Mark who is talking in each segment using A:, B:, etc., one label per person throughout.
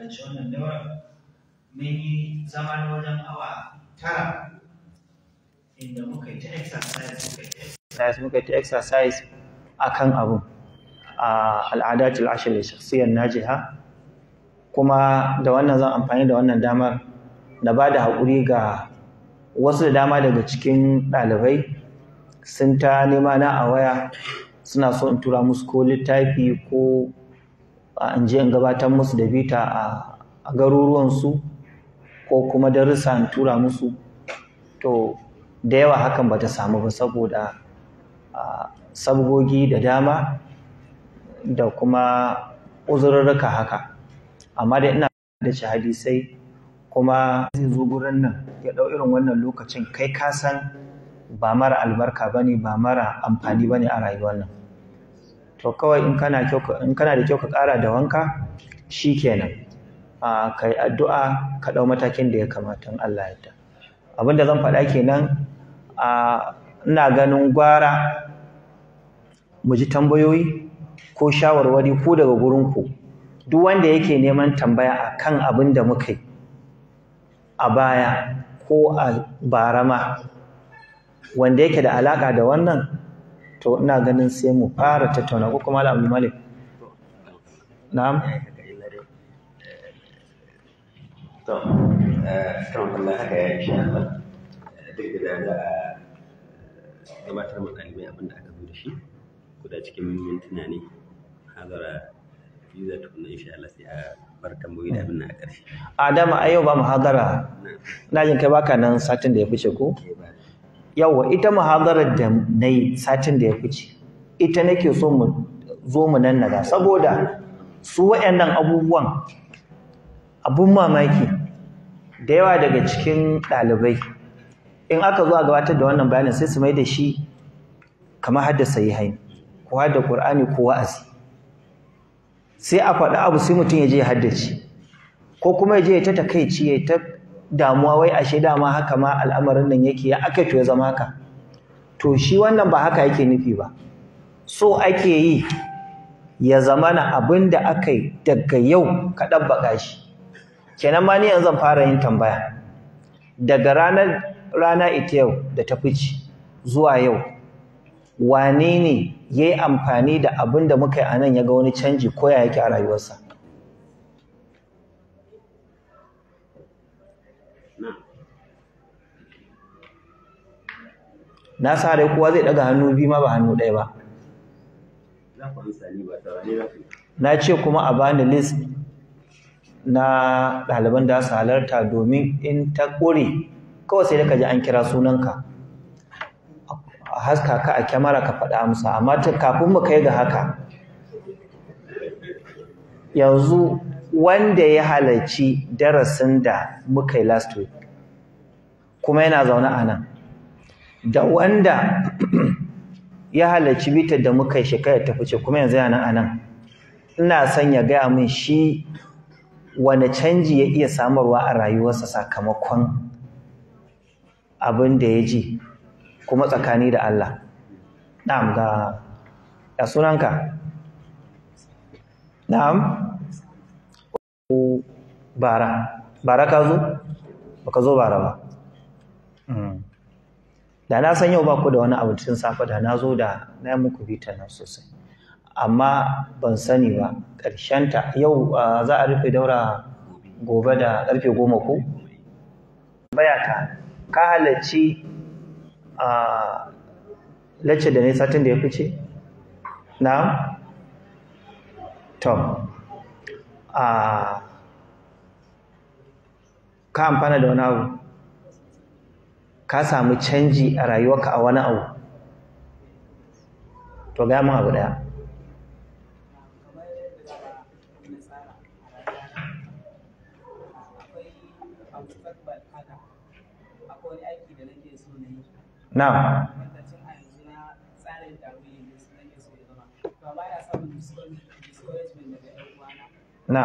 A: karshe wannan daura mun yi zama wajen awa tara inda muka yi ta exercise muka yi ta exercise akan abu a al'adatul ashir na najiha kuma da wannan zan amfani da wannan damar na ba da haƙuri ga wasu da dama daga cikin ɗalibai sun ta nema na a waya suna so in tura musu ko littafi ko in je in gabatar musu da bita a garuruwansu ko kuma darussa in tura musu to da yawa hakan bata samu ba saboda sabgogi da dama da kuma uzurruka haka amma da ina da shi hadisai kuma zai zo gurin nan ya ɗau irin wannan lokacin kai ka san ba mara albarka ba ne, ba mara amfani ba ne a rayuwar nan to kawai in kana in kana da kyau ka ƙara da wanka shikenan a kai addu'a ka ɗau matakin da ya kamata in Allah ya yarda abin da zan faɗa kenan a ina ganin gwara mu ji tambayoyi ko shawarwari ko daga gurin ku duk wanda yake neman tambaya akan abin da muka yi a baya ko a barama wanda yake da alaka da wannan to ina ganin sai mu fara tattauna ko kuma Malam Malik na'am
B: to eh to Allah haka ya insha Allah eh, duk da da eh, gabatar mu ɗalibai abin da aka zo da shi guda cikin mintuna ne hazara yuza tukuna insha Allah sai a bar tambayoyi
A: da abin nan a ƙarshe adama dama ba mu hazara na jin kai baka nan satin da ya fice ko yawa ita muhadarar da na yi satin da ya fice ita nake so mu zo mu nan naga saboda su wa'annan abubuwan abun mamaki da yawa daga cikin ɗalibai in aka zo a gabatar da wannan bayanin sai su mai da shi kamar hadda yi hain ko hadda ƙur'ani ko wa'azi sai a faɗi abu sai mutum ya je ya haddace ko kuma ya je ya ta takaici ya ta damuwa wai ashe dama haka ma al'amarin nan yake ya aka to ya zama haka to shi wannan ba haka yake nufi ba so ake yi ya zamana abin da aka yi daga yau ka ɗabbaƙa shi kenan ma ni yanzu zan fara yin tambaya daga ranar rana ita yau da ta fice zuwa yau wane ne ya yi amfani da abin da muka yi a nan ya ga wani canji ko ya yake a rayuwarsa na sa rai kowa zai daga hannu biyu ma ba hannu ɗaya ba na ce kuma a bani list na ɗaliban da su halarta domin in ta ƙure kawai sai ka ji an kira sunanka a haska ka a kyamara ka faɗa amsa amma kafin mu kai ga haka yanzu wanda ya halarci darasin da muka yi last week kuma yana zaune a nan da wanda ya halarci bitar da muka yi shekara ta fice kuma yanzu yana a nan ina son ya gaya min shi wani canji ya iya samarwa a rayuwarsa sakamakon abin da ya ji kuma tsakani da Allah na'am ga ya sunanka na'am bara bara ka zo baka zo bara ba hmm. da na san yau ba ku da wani abu tun safe da na zo da na muku bita nan sosai amma ban sani ba ta yau za a rufe daura gobe da ƙarfe goma ko baya ka ka halarci a lacce da ne satin da ya fice na tom a ka amfana da wani abu ka samu canji a rayuwarka a wani abu to ga mu abu daya na na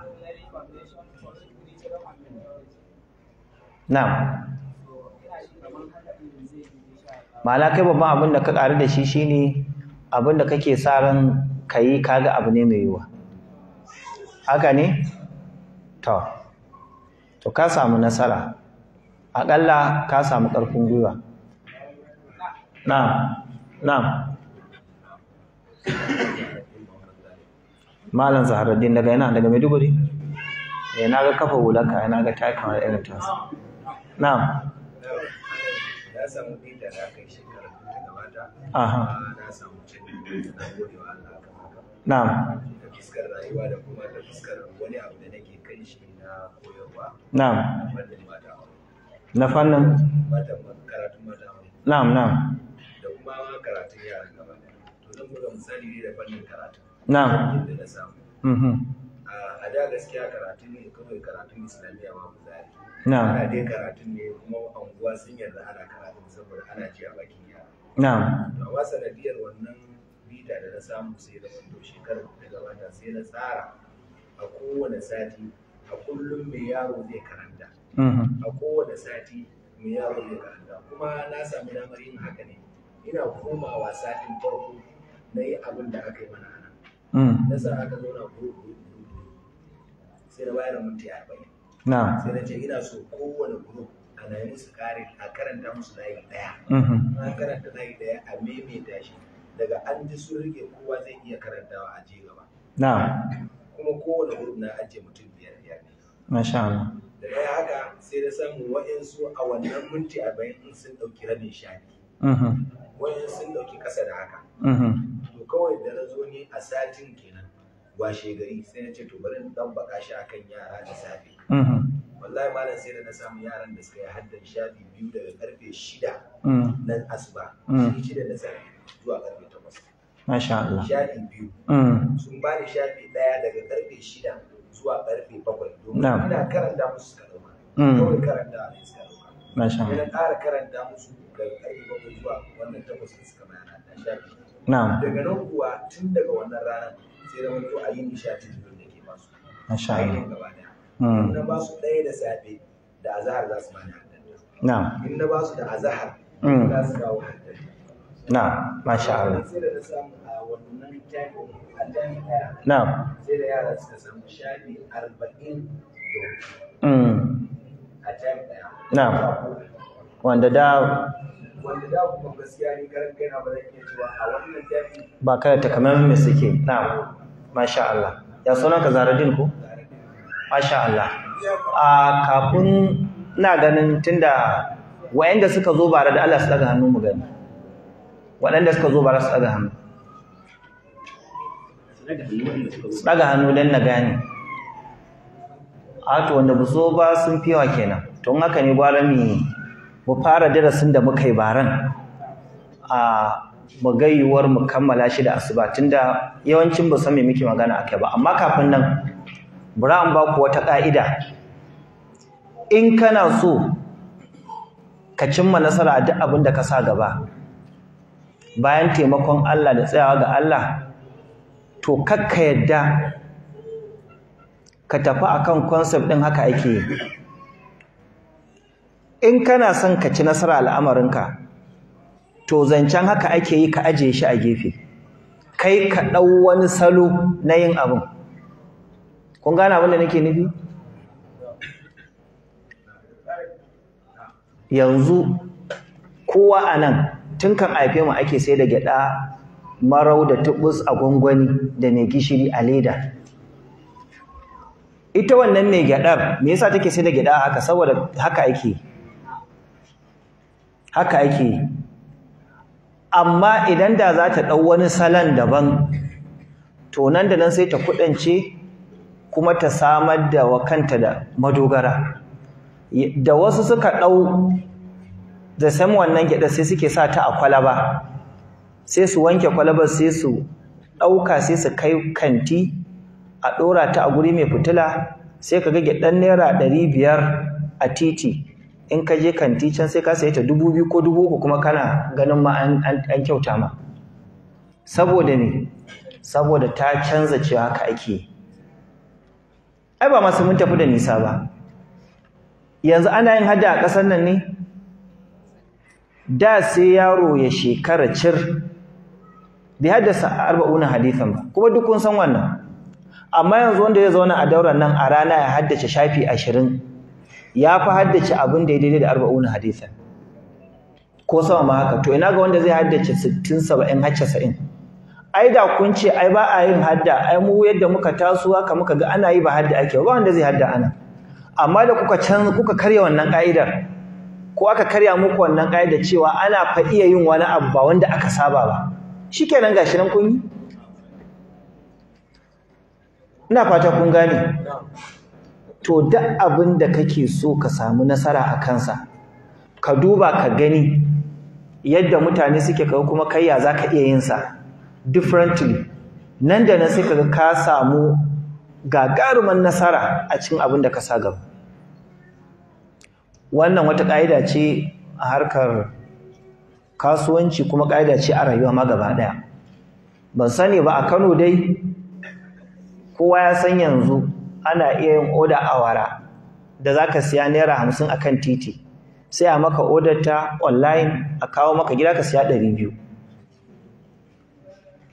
A: Na, ma'ana kai babban abin da ka ƙari da shi shi ne abin da kake sa ran ka yi kaga abu ne mai yiwuwa haka ne to to ka samu nasara aƙalla ka samu ƙarfin gwiwa Na, na. malam zaharaddin daga yana daga maiduguri ya eh, na ga kafa ya na ga takin irin tasa na'am
B: ya samu da na kai shekara da gabata
A: na samu canji da godewa Allah na'am da fuskar rayuwa da kuma da fuskar
B: wani abu da nake kai shi na koyarwa na'am na fannin mata karatun mata na'am na'am da kuma karatun yara gaba to zan buga misali ne da fannin karatu
A: na'am da na samu mm-hmm. a da gaskiya karatun ne
B: kawai karatun islamiyya babu ana dai karatun ne kuma anguwa sun yarda ana
A: karatun saboda ana ji a bakin yara na'am to
B: amma sanadiyar wannan bita da na samu sai da wando shekarar da gabata sai na tsara a kowane sati a kullum mai yaro zai karanta mm-hmm. a kowane sati mai yaro zai karanta kuma na sami damar yin haka ne ina komawa satin farko na yi abin da aka yi mana ana
A: mm. na sa
B: aka zauna guru sai da bayar minti arba'in na sai na ce ina so kowane group ana musu karin a karanta musu layi daya mm-hmm. an karanta layi daya a maimaita shi daga an ji sun rike kowa zai iya karantawa a je gaba
A: na kuma
B: kowane guru na ajiye mutum biyar biyar ne
A: masha Allah
B: da ya haka sai na samu wa'insu a wannan minti arba'in sun ɗauki rabin shafi mm-hmm. wayan sun dauki kasa da haka mm-hmm. to kawai da na zo ne a satin kenan washe gari sai na ce to bari in dan baka shi akan yara da safe Mm-hmm. wallahi malam sai da na samu yaran da suka yi haddan shafi biyu daga karfe shida mm. mm. na asuba shi na zuwa karfe takwas
A: Masha Allah. Shafi biyu. Mm.
B: Sun ba ni shafi ɗaya daga karfe shida zuwa
A: karfe bakwai. Domin ina karanta musu suka ɗauka. Kawai karanta ne suka ɗauka. Masha Allah. Ina
B: ƙara karanta musu daga karfe bakwai zuwa wannan takwas da suka shafi.
A: Na'am. Daga nan
B: kuwa tun daga wannan ranar sai zama a yi nishaɗi da ke basu.
A: Masha Allah. Ainihin gaba ɗaya. Hmm. na ba
B: su ɗaya da safe da azahar za su bani
A: haddanta in na
B: ba su da azahar hmm. za su kawo haddanta
A: na masha Allah sai da na samu a wannan taifin haddanta na sai da yara suka samu shafi arba'in hmm. a taifin ɗaya na wanda da wanda da kuma
B: gaskiya ne karan kaina ba zan iya cewa a wannan taifin ba kada takamaiman me
A: suke na masha Allah ya ka Zaradin ko Masha Allah. A kafin na ganin tunda wayanda suka zo bara da Allah su daga hannu mu gani. Waɗanda suka zo bara su daga hannu. Su daga hannu don na gane. A to wanda bu zo ba sun fi yawa kenan. Tun haka ne gwara mi mu fara darasin da muka yi baran. A mu ga yiwuwar mu kammala shi da asuba tunda yawancin ba san me muke magana akai ba amma kafin nan bari an ba ku wata ƙa'ida in kana so ka cimma nasara duk abin da ka sa gaba bayan taimakon Allah da tsayawa ga Allah to kakka yadda ka tafi akan concept ɗin haka ake yi in kana son ka ci nasara al'amarinka to zancen haka ake yi ka ajiye shi a gefe kai ka ɗau wani salo na yin abin kun gane abin da nake nufi yanzu kowa a nan tun kan haife mu ake sai da gyaɗa marau da tubus a gwangwani da mai gishiri a leda ita wannan mai gyaɗar me yasa take sai da gyaɗa haka saboda haka ake haka ake amma idan da za ta ɗau wani salon daban to nan da nan sai ta kuɗance kuma ta samar da wa kanta da madogara da wasu suka ɗau da san wannan gyaɗa sai suke sa ta a kwalaba sai su wanke kwalaba sai su ɗauka sai su kai kanti a ɗora ta a guri mai fitila sai ka ga gyaɗan naira ɗari biyar a titi in ka je kanti can sai ka sayi ta dubu biyu ko dubu uku kuma kana ganin ma an kyauta ma saboda ne saboda ta canza cewa haka ake ai ba masu mun tafi da nisa ba yanzu ana yin hada a ƙasar nan ne da sai yaro ya shekara cir bai haddasa arba'una hadithan ba kuma duk kun san wannan amma yanzu wanda ya zauna a daura nan a rana ya haddace shafi ashirin ya fi haddace abin da ya daidai da arba'una hadithan ko sama ma haka to ina ga wanda zai haddace sittin saba'in har casa'in ai da kun ce ai ba a yin hadda ai mu yadda muka taso haka muka ga ana yi ba hadda ake ba wanda zai hadda ana amma da kuka can kuka karya wannan ka'idar ko aka karya muku wannan ka'idar cewa ana fa iya yin wani abu ba wanda aka saba ba shikenan gashi nan kun yi ina fata kun gane to duk abin da kake so ka samu nasara a kansa ka duba ka gani yadda mutane suke kai kuma kai ya zaka iya yin sa differently nan da nan sai kaga ka samu gagaruman nasara a cikin abin da ka sa gaba wannan wata ƙa'ida ce a harkar kasuwanci kuma ƙa'ida ce a rayuwa ma gaba ɗaya ban sani ba a Kano dai kowa ya san yanzu ana iya yin oda a wara da zaka siya naira hamsin akan titi sai a maka odar ta online a kawo maka gida ka siya ɗari biyu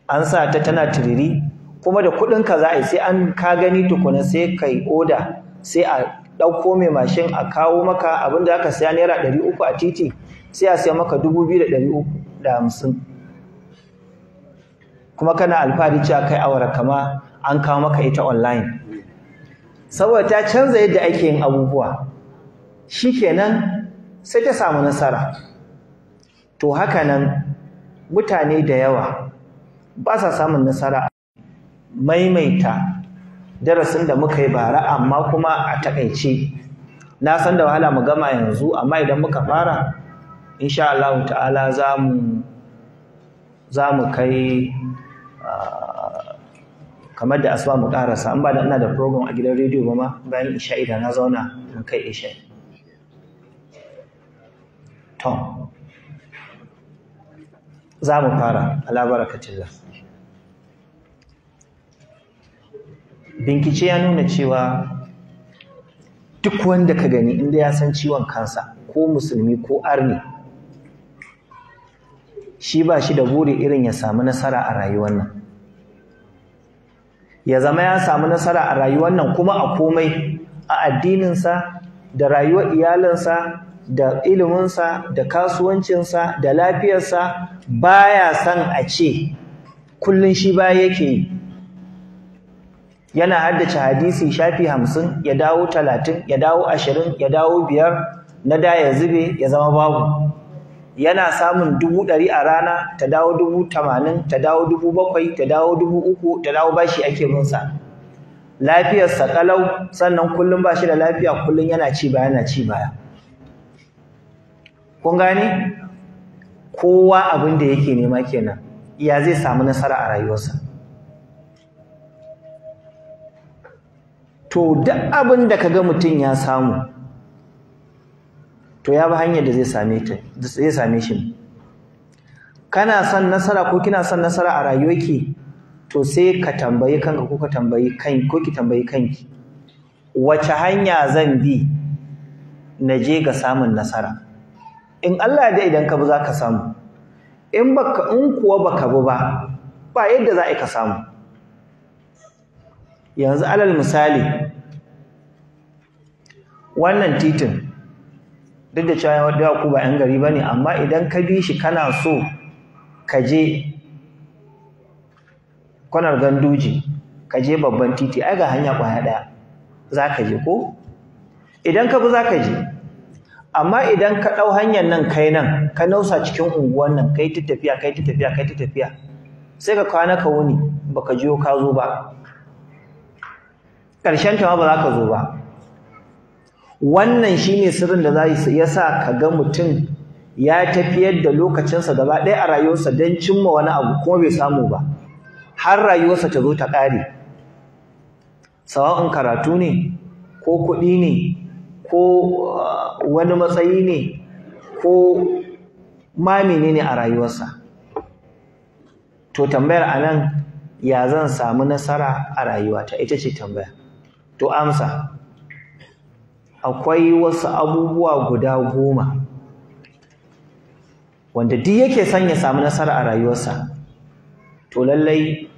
A: an sa ta tana tiriri kuma da kuɗin ka za a yi sai an ka gani tukuna sai kai oda sai a ɗauko mai mashin a kawo maka abin da aka saya naira 300 a titi sai a saya maka dubu biyu da kuma kana alfahari cewa kai awara kama an kawo maka ita online saboda ta canza yadda ake yin abubuwa shikenan sai ta samu nasara to haka nan mutane da yawa ba sa samun nasara a maimaita darasin da muka yi bara amma kuma a takaice na san da wahala mu gama yanzu amma idan muka fara insha Allah ta'ala za mu kai kamar da asuba mu karasa an ba da ina da program a gidan rediyo ba ma bayan sha idan na zauna in kai sha to za mu fara ala barakatillah bincike ya nuna cewa duk wanda ka gani inda ya san ciwon kansa ko musulmi ko arni shi ba shi da buri irin ya samu nasara a rayuwar nan ya zama ya samu nasara a rayuwar nan kuma a komai a addininsa da rayuwar iyalinsa da iliminsa da kasuwancinsa da lafiyarsa baya son a ce kullum shi baya yake yi yana haddace hadisi shafi hamsin ya dawo talatin ya dawo ashirin ya dawo biyar na da ya zube ya zama babu yana samun dubu ɗari a rana ta dawo dubu tamanin ta dawo dubu bakwai ta dawo dubu uku ta dawo bashi ake binsa lafiyarsa ƙalau sannan kullum ba shi da lafiya kullum yana ci baya yana ci baya kun gane kowa abin da yake nema kenan ya zai samu nasara a rayuwarsa to duk abin da kaga mutum ya samu to ya bi hanyar da zai same ta zai shi kana son nasara ko kina son nasara a rayuwarki to sai ka tambayi kanka ko ka tambayi kanki ko ki tambayi kanki wace hanya zan bi na je ga samun nasara in Allah da idan ka bi za ka samu in baka in kuwa baka bi ba ba yadda za ka samu yanzu alal misali wannan titin duk da cewa da ku ba 'yan gari ba ne amma idan ka bi shi kana so ka je kwanar ganduji ka je babban titi ai ga hanya kwaya ɗaya za ka je ko idan ka bi za ka je amma idan ka ɗau hanyar nan kai nan ka nausa cikin unguwan nan kai ta tafiya kai ta tafiya kai ta tafiya sai ka kwana ka wuni baka jiyo ka zo ba ƙarshen ta ba za ka zo ba wannan shine sirrin da za ya sa ka ga mutum ya tafiyar da lokacinsa gaba ɗaya a rayuwarsa don cimma wani abu kuma bai samu ba har rayuwarsa ta zo ta ƙare sawa'un karatu ne ko kuɗi ne ko uh, wani matsayi ne ko ma menene a rayuwarsa to tambayar anan ya zan samu nasara a rayuwata ita ce tambaya to amsa akwai wasu abubuwa guda goma wanda duk yake son ya samu nasara a rayuwarsa to lallai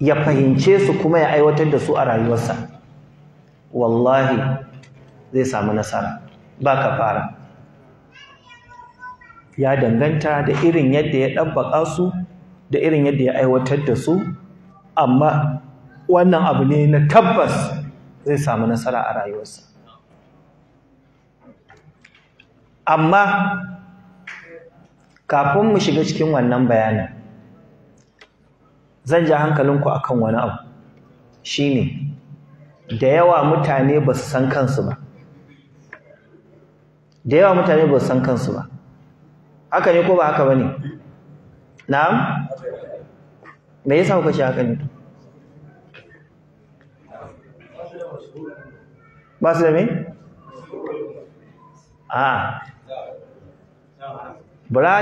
A: ya fahimce su kuma ya aiwatar da su a rayuwarsa wallahi zai samu nasara ba ka fara ya danganta da irin yadda ya ɗabbaƙa su da irin yadda ya aiwatar da su amma wannan abu ne na tabbas zai samu nasara a rayuwarsa amma kafin mu shiga cikin wannan bayanin zan ja hankalinku akan wani abu ne da yawa mutane ba su san kansu ba da yawa mutane ba su san kansu ba haka ne ko ba haka ba ne na'am me yasa kuka shi haka ne to ba su da me?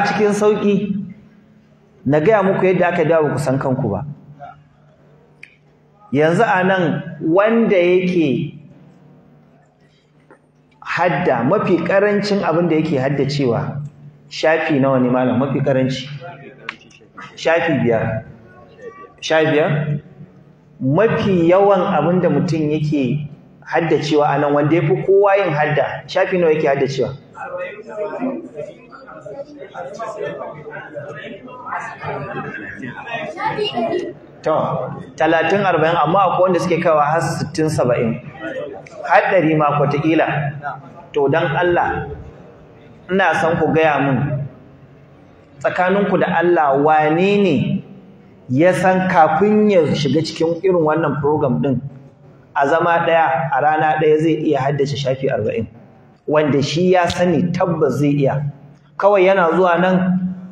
A: cikin sauƙi na gaya muku yadda aka dawo ku san kanku ba yanzu a nan wanda yake hadda mafi ƙarancin abin da yake cewa shafi nawa ne malam mafi ƙaranci shafi biyar sha biyar mafi yawan abin da mutum yake haddacewa a nan wanda ya fi kowa yin hadda shafi nawa yake haddacewa to talatin arba'in amma akwai wanda suke kawa har sittin saba'in haɗari ma kwataƙila to don allah ina son ku gaya min tsakaninku da allah wane ne ya san kafin ya shiga cikin irin wannan program din a zama ɗaya a rana ɗaya zai iya haddace shafi arba'in wanda shi ya sani tabbas zai iya kawai yana zuwa nan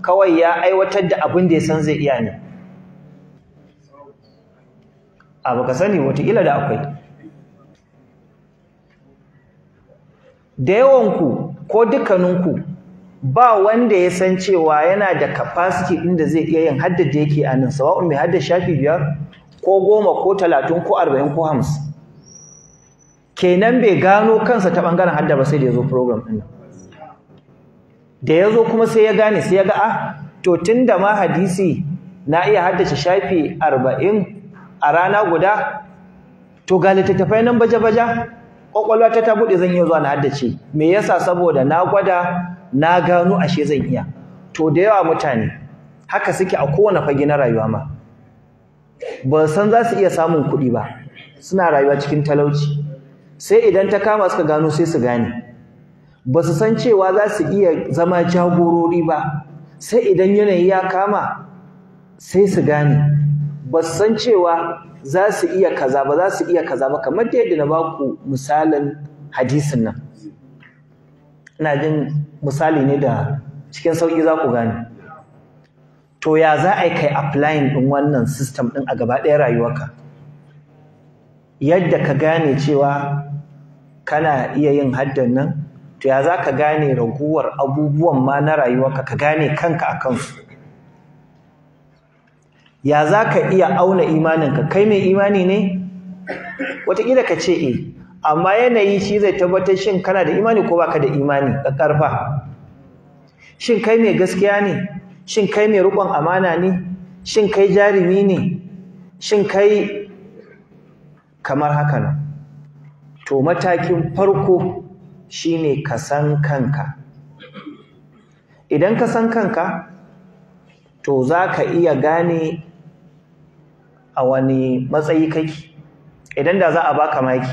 A: kawai ya aiwatar da abin da ya san zai iya ne a baka sani wataƙila da akwai da yawanku ko dukkaninku ba wanda ya san cewa yana da capacity inda da zai iya yin hadda da yake a nan sawa'un mai hadda shafi biyar ko goma ko talatin ko arba'in ko hamsin kenan bai gano kansa ta bangaren hadda ba sai da ya zo program ɗin da ya zo kuma sai ya gane sai ya ga ah to tun da ma hadisi na iya haddace shafi arba'in a rana guda to ga littattafai nan baje-baje kwakwalwa ta ta buɗe zan iya zuwa na haddace me yasa saboda na gwada na gano ashe zan iya to da yawa mutane haka suke a kowane fage na rayuwa ma ba san za su iya samun kuɗi ba suna rayuwa cikin talauci sai idan ta kama suka gano sai su gane ba su san cewa za su iya zama jagorori ba sai idan yanayi ya kama sai su gane ba su san cewa za su iya kaza ba za su iya kaza ba kamar da yadda na ba ku misalin hadisin nan ina jin misali ne da cikin sauki za ku gane to ya za a yi kai applying din wannan system ɗin a gaba ɗaya rayuwarka yadda ka gane cewa kana iya yin haddan nan to ya za ka gane raguwar abubuwan ma na rayuwarka ka gane kanka a kansu ya za ka iya auna imaninka kai mai imani ne wataƙila ka ce eh amma yanayi shi zai tabbatar shin kana da imani ko baka da imani ƙarfa shin kai mai gaskiya ne shin kai mai riƙon amana ne shin kai jarumi ne shin kai kamar haka nan to matakin farko shine ka san kanka idan ka san kanka to za ka iya gane a wani matsayi kake idan da za a baka maki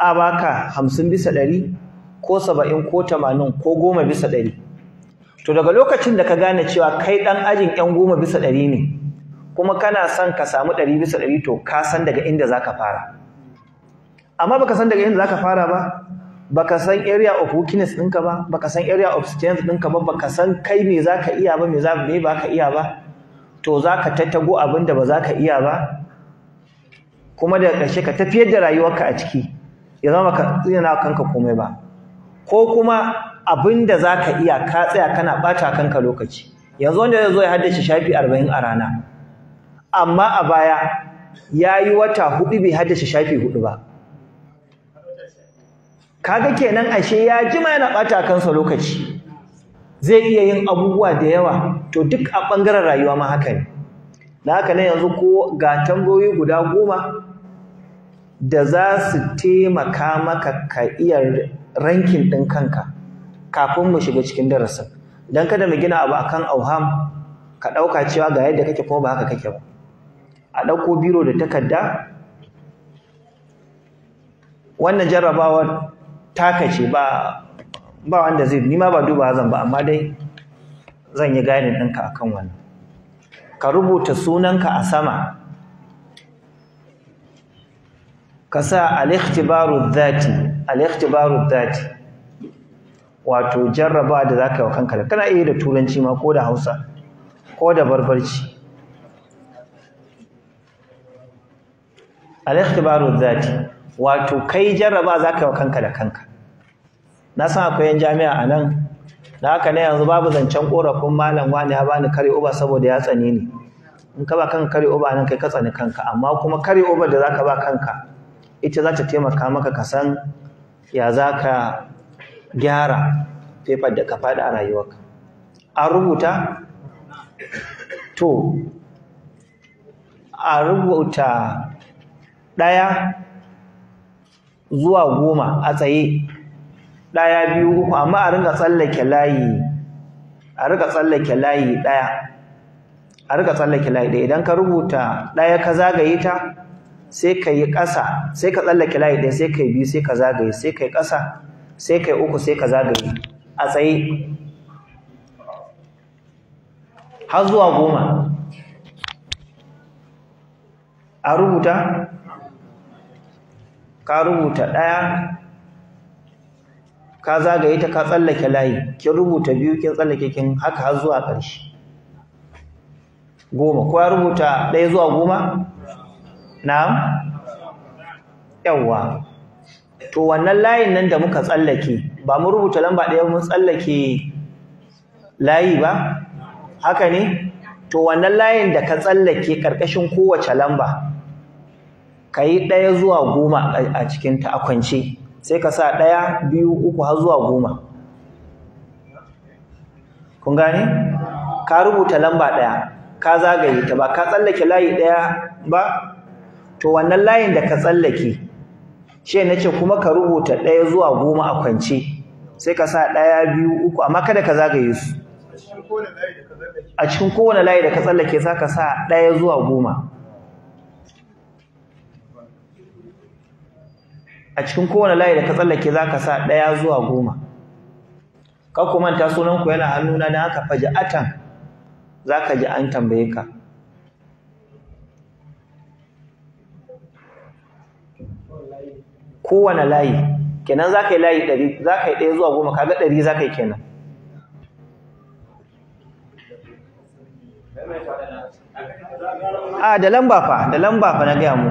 A: a baka hamsin bisa ɗari ko saba'in ko tamanin ko goma bisa ɗari to daga lokacin da ka gane cewa kai ɗan ajin ƴan goma bisa ɗari ne kuma kana son ka samu ɗari bisa ɗari to ka san daga inda za ka fara amma baka san daga inda za ka fara ba baka san area of weakness ɗinka ba baka san area of strength ɗinka ba baka san kai me za ka iya ba me za me ba ka iya ba to za ka tattago abin da ba za ka iya ba kuma da ƙarshe ka tafiyar da rayuwarka a ciki ya zama ka tsina kanka komai ba ko kuma abin da za ka iya ka tsaya kana ɓata kanka lokaci yanzu wanda zai zo ya haddace shafi arba'in a rana amma a baya ya yi wata huɗu bai haddace shafi huɗu ba kaga kenan ashe ya jima yana ɓata kansa lokaci zai iya yin abubuwa da yawa to duk a ɓangaren rayuwa ma haka ne na haka ne yanzu ko ga tambayoyi guda goma da za su taimaka maka ka iya rankin ɗin kanka kafin mu shiga cikin darasin don kada mu gina abu akan auham ka ɗauka cewa ga yadda kake kuma ba haka kake ba a ɗauko biro da takarda wannan jarrabawar taka ce ba ba wanda zai nima ba duba zan ba amma dai zan yi gane ɗinka a kan wannan ka rubuta sunanka a sama ka sa al-ikhtibaru dhati wato jarraba da ka yi wa kanka kana iya da turanci ma ko da Hausa ko da barbarci al-ikhtibaru dhati wato kai jarraba ka yi wa kanka da kanka na san akwai yan jami'a a nan. da haka ne yanzu babu zancen korafin malam wani ya bani kare uba saboda ya tsani ni in ka ba kanka kare uba nan kai ka tsani kanka amma kuma kare uba da zaka ba kanka ita za ta taimaka maka ka san ya zaka gyara fefar da ka faɗi a rayuwarka a rubuta to a rubuta ɗaya zuwa goma a tsaye ɗaya biyu uku amma a rinka tsallake layi a rinka tsallake layi ɗaya a rinka tsallake layi ɗaya idan ka rubuta ɗaya ka zagaye ta sai ka yi ƙasa sai ka tsallake layi ɗaya sai ka yi biyu sai ka zagaye sai ka yi ƙasa sai ka yi uku sai ka zagaye a tsaye har zuwa goma a rubuta ka rubuta ɗaya ka zagaye ta ka tsallake layi kin rubuta biyu kin tsallake kin haka har zuwa ƙarshe goma ko ya rubuta ɗaya zuwa goma na'am yawwa to wannan layin nan da muka tsallake ba mu rubuta lamba ɗaya mu tsallake layi ba haka ne to wannan layin da ka tsallake ƙarƙashin kowace lamba ka yi ɗaya zuwa goma a cikinta a kwance sai ka sa ɗaya biyu uku har zuwa goma kun gane ka rubuta lamba ɗaya ka zagaye ta ba ka tsallake layi ɗaya ba to wannan layin da ka tsallake shi na ce kuma ka rubuta ɗaya zuwa goma a kwance sai ka sa ɗaya biyu uku amma kada ka zagaye su a cikin kowane layi da ka tsallake za ka sa ɗaya zuwa goma a cikin kowane layi da ka tsallake za ka sa ɗaya zuwa goma kar ku manta sunanku yana hannuna don haka faji atan za ka ji an tambaye ka kowane layi kenan za ka yi layi ɗari za ka yi ɗaya zuwa goma kaga ɗari za ka yi kenan a da lamba fa da lamba fa na gaya mu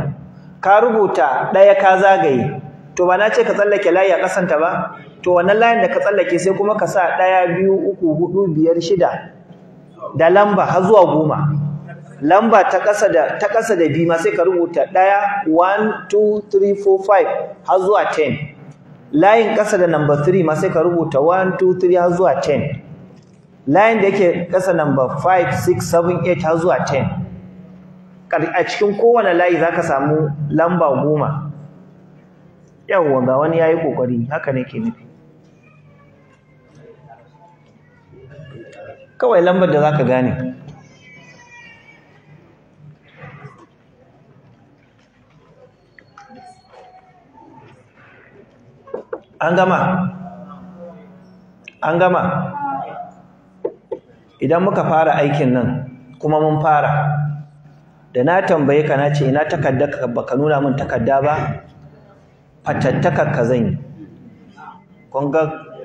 A: ka rubuta ɗaya ka zagaye to ba na ce ka tsallake layi a ƙasanta ba to wannan layin da ka tsallake sai kuma ka sa ɗaya biyu uku huɗu biyar shida da lamba har zuwa goma lamba ta ƙasa da ta ƙasa da biyu ma sai ka rubuta ɗaya one two three four five har zuwa ten layin ƙasa da number three ma sai ka rubuta one two three har zuwa ten layin da yake ƙasa number five six seven eight har zuwa ten a cikin kowane layi za ka samu lamba goma yawon ga wani ya yi ƙoƙari haka ne ke nufi kawai lambar da za ka gane an gama an gama idan muka fara aikin nan kuma mun fara da na tambaye ka na ce ina takarda ka nuna min takarda ba fatattaka ka zan yi kun ga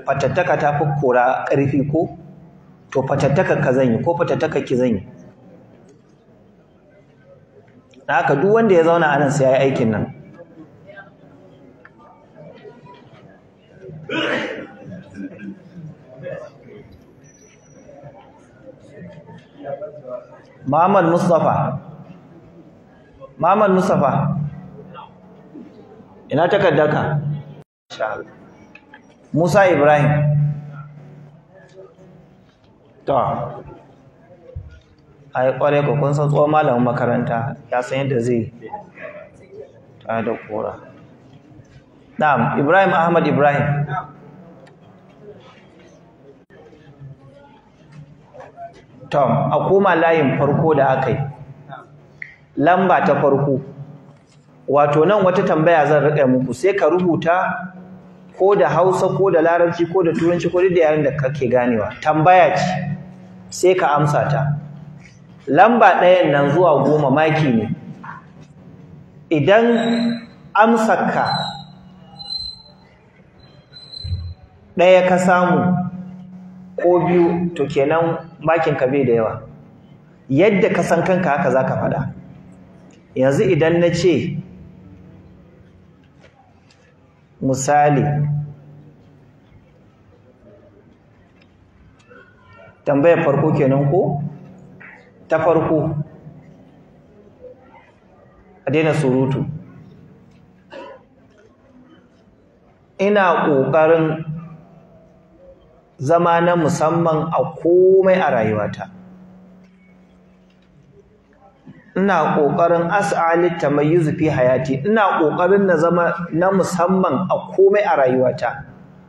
A: fatattaka ta fi kora ƙarfi ko to fatattaka ka zan yi ko fatattaka ki zan yi haka duk wanda ya zauna anan sai ya yi aikin nan Muhammad Mustafa Muhammad Mustafa ina takaddaka Musa Ibrahim A ai kware ko kun san tsohon malamin makaranta ya san yadda zai ta da kora na'am Ibrahim Ahmad Ibrahim Tom, a koma layin farko da aka yi lamba ta farko wato nan wata tambaya zan riƙa muku sai ka rubuta ko da Hausa ko da Larabci ko da Turanci ko da yaren da kake ganewa tambaya ce sai ka amsa ta lamba ɗayan nan zuwa goma maki ne idan amsarka ɗaya ka samu ko biyu to kenan makinka bai da yawa yadda ka san kanka haka za ka faɗa yanzu idan na ce misali tambayar farko kenan ko ta farko a daina surutu ina ƙoƙarin zama na musamman a komai a rayuwata ina ƙoƙarin as'ali tamayyuz fi hayati ina ƙoƙarin na zama na musamman a komai a rayuwata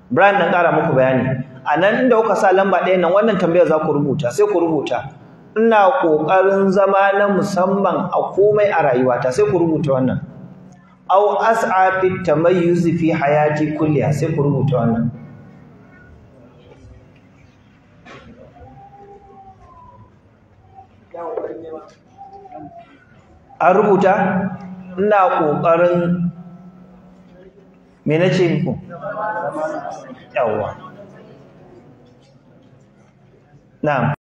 A: Brian ɗan ƙara muku bayani a nan inda kuka sa lamba ɗaya nan wannan tambayar za ku rubuta sai ku rubuta ina ƙoƙarin zama na musamman a komai a rayuwata sai ku rubuta wannan au as'afita mai tamayyuz fi hayati kulliya sai ku rubuta wannan an rubuta ina ƙoƙarin me na ce muku yawwa na'am